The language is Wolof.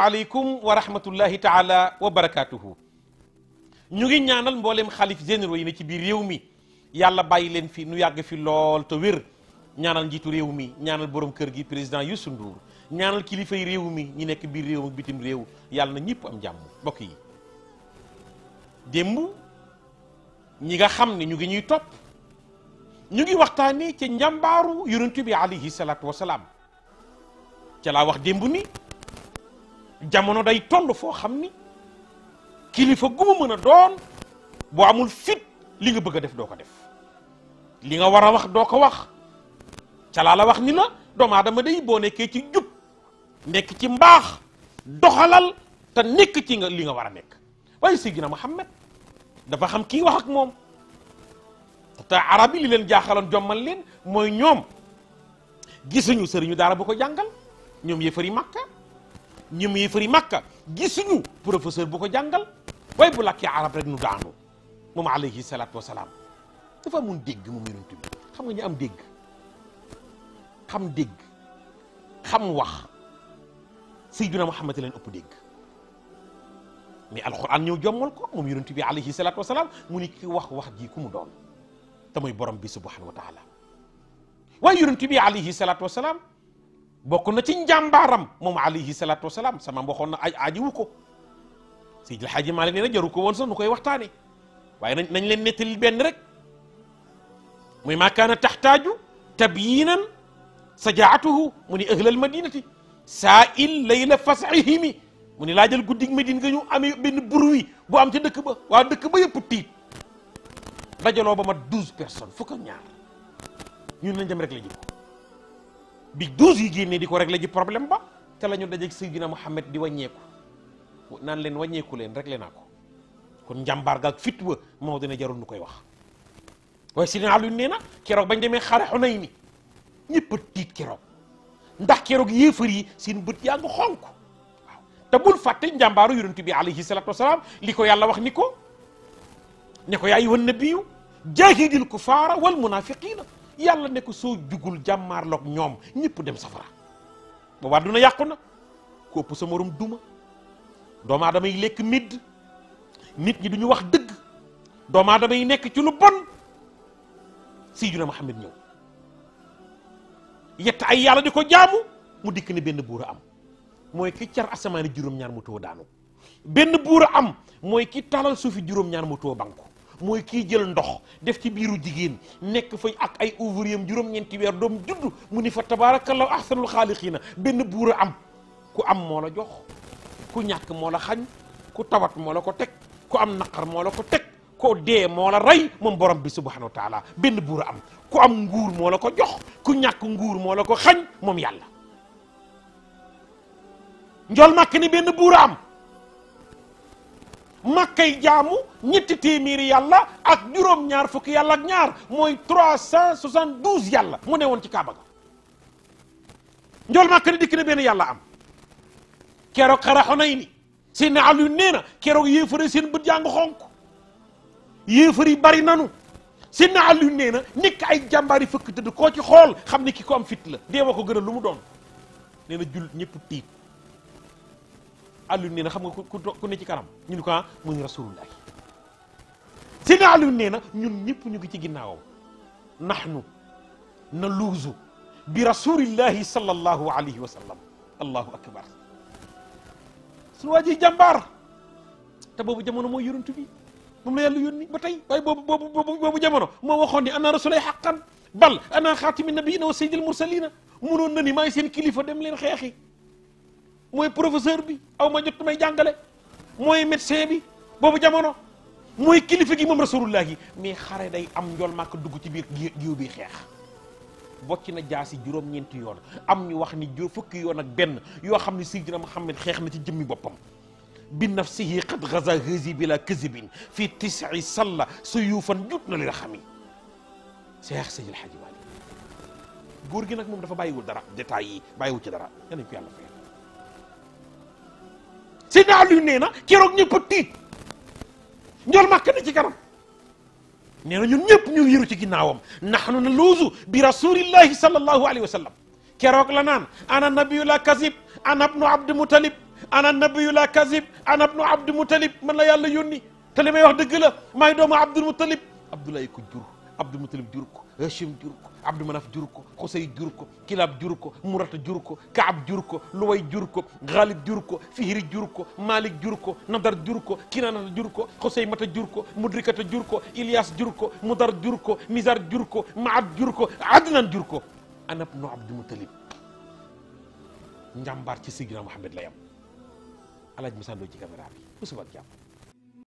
aleykum wa rahmatullahi taala wa barakaatuhu ñu ngi ñaanal mboolem xalif généraux yi ci biir réew mi yàlla bàyyi leen fi nu yàgg fi lool te wér ñaanal njiitu réew mi ñaanal boroom kër gi président Youssou Ndour ñaanal kilifay réew mi ñu nekk biir réew mi bitim réew yàlla na ñëpp am jàmm mbokk yi démb ñi nga xam ne ñu ngi ñuy topp ñu ngi waxtaanee ca njàmbaaru yonent bi alayhi salaatu wasalaam ca laa wax démb ni jamono day toll foo xam ni kilifa gu mu mën a doon boo amul fit li nga bëgg a def doo ko def li nga war a wax doo ko wax ca laa wax ni la doomu aadama day boo nekkee ci jub nekk ci mbaax doxalal te nekk ci nga li nga war a nekk waaye Seydina Muhammad dafa xam kii wax ak moom te arab yi li leen jaaxaloon jommal leen mooy ñoom gisuñu sëriñu daara bu ko jàngal ñoom yëfari Makka ñi muy fëri makka gisuñu professeur bu ko jàngal waaye bu làkkee arab rek nu daanu moom alayhi salaatu wasalaam dafa amoon dégg moom yonent bi xam nga ñu am dégg xam dégg xam wax sayyiduna Muhammad leen ëpp dégg mais alquran ñëw jommal ko moom yonent bi alayhi salaatu wasalaam mu ni ki wax wax ji ku mu doon te mooy borom bi subhanahu wa taala waaye yonent bi alayhi salaatu wasalaam bokk na ci njàmbaaram moom alayhi salaatu wasalaam sama waxoon na aj aajiwu ko Seydil Haaji Maalik nee na jaru ko woon sax nu koy waxtaane waaye nañ nañ leen nettali benn rek muy maa kaana taxtaaju tabyinan sajaatuhu mu ni ahlal madinati saa'il layla fas'ihimi mu ni laajal guddig Madine nga ñu amee benn bruit boo am ca dëkk ba waa dëkk ba yëpp tiit dajaloo ba mat douze personnes fukk ak ñaar ñun lañ dem rek la bi douze yi génnee di ko réglé ji problème ba te la ñu dajeeg Seydina Muhammad di wàññeeku naan leen wàññeeku leen rek naa ko kon njàmbaar gaag fit wa moo dina jarul nu koy wax waaye Seydina Aliou nee na keroog bañ demee xare Xunayn ni ñëpp a tiit keroog ndax keroog yéefar yi seen bët yaa ngi xonk waaw te bul fàtte njàmbaaru yonent bi alayhi salatu wasalaam li ko yàlla wax ni ko ne ko yaa ayyuhan nabiyyu jaahidil kufaara wal munaafiqiina yàlla ne ko soo jugul jàmmaarloog ñoom ñëpp dem safara boobaa duna yàqu na ko ëpp sa morom duma doomu aadama yi lekk midd nit ñi duñu wax dëgg doomu yi nekk ci lu bon Sayyidina Muhammad ñëw yett ay yàlla di ko jaamu mu dikk ne benn buur a am mooy ki car asamaani juróom-ñaar mu too daanu benn buur a am mooy ki talal suufi juróom-ñaar mu too banku mooy kii jël ndox def ci biiru jigéen nekk fa ak ay ouvrier juróom-ñeenti weer doom judd mu ni fa tabaarakallahu ahsanul xaaliqiina benn buur a am ku am moo la jox ku ñàkk moo la xañ ku tawat moo la ko teg ku am naqar moo la ko teg ko dee moo la rey moom borom bi subhanahu wa benn buur a am ku am nguur moo la ko jox ku ñàkk nguur moo la ko xañ moom yàlla njool màkk ni benn buur a am makkay jaamu ñetti téeméeri yàlla ak juróom-ñaar fukki yàlla ak ñaar mooy trois cent soixante douze yàlla mu ne woon ci Kaaba ga njool màkka ne dikk na benn yàlla am keroog xara xonay ni seen na Aliyu nee na keroog yéefare seen bët yaa ngi xonk yi bari nanu seen na Aliyu nee na nekk ay jàmbaari fëkk dëdd koo ci xool xam ne ki ko am fit la dee ko gën a lu mu doon nee na jullit ñëpp tiit Alioune nee na xam nga ku ku ne ci kanam ñu ne ko ah mu ngi rasulullah Seydina Alioune nee na ñun ñëpp ñu ngi ci ginnaawam nahnu na luusu bi rasulillahi sallallahu wa sallam allahu akbar suñu waa ji jàmbaar te boobu jamono mooy yonent bi moom la yàlla yónni ba tey waaye boobu boobu boobu jamono moo waxoon ni ana rasulay xaqan bal ana xaatimi nabiina wa sayyidil mursalina munoon na ni maay seen kilifa dem leen xeexi mooy professeur bi aw ma jot may jàngale mooy médecin bi boobu jamono mooy kilifa gi moom rasulullah yi mais xare day am njool màkk dugg ci biir géew bi xeex bocc na jaasi juróom-ñeenti yoon am ñu wax ni jur fukki yoon ak benn yoo xam ne Seydina Muhammad xeex na ci jëmmi boppam bi nafsihi qad gaza hasi bila kazibin fi tisi salla suyuufan jut na li la xam yi seex Seydil Hadji Malick gi nag moom dafa bàyyiwul dara détails yi bàyyiwul ci dara yal si naa luy nee na keroog ñëpp a tiit njool màkk na ci kanam nee na ñun ñëpp ñu ngi yëru ci ginnaawam nahnu naluuzu bi rasulillahi sallallahu alayhi wa sallam keroog la naan ana nabiyu la kazib ana bnu abdi mutalib ana nabiyu la kazib ana bnu abdi mutalib man la yàlla yónni te li may wax dëgg la maay doomu abdul mutalib abdoulaye ko jur Abdul Mutalib jur ko Hachim jur ko Abdou Manaf jur ko Xusay jur ko Kilab jur ko Murata jur ko Kaab jur ko Luway jur ko Ghalib jur ko Fihri jur ko Malik jur ko Nadar jur ko Kinaanata jur ko Xusay Mata jur ko Mudrikata jur ko Ilyas jur ko Mudar jur ko Mizar jur ko Maad jur ko Adnan jur ko anab nu Abdul Mutalib njàmbaar ci Seydina Muhammad la yam alaaj masaan doo ci caméra bi bu suba ak jàmm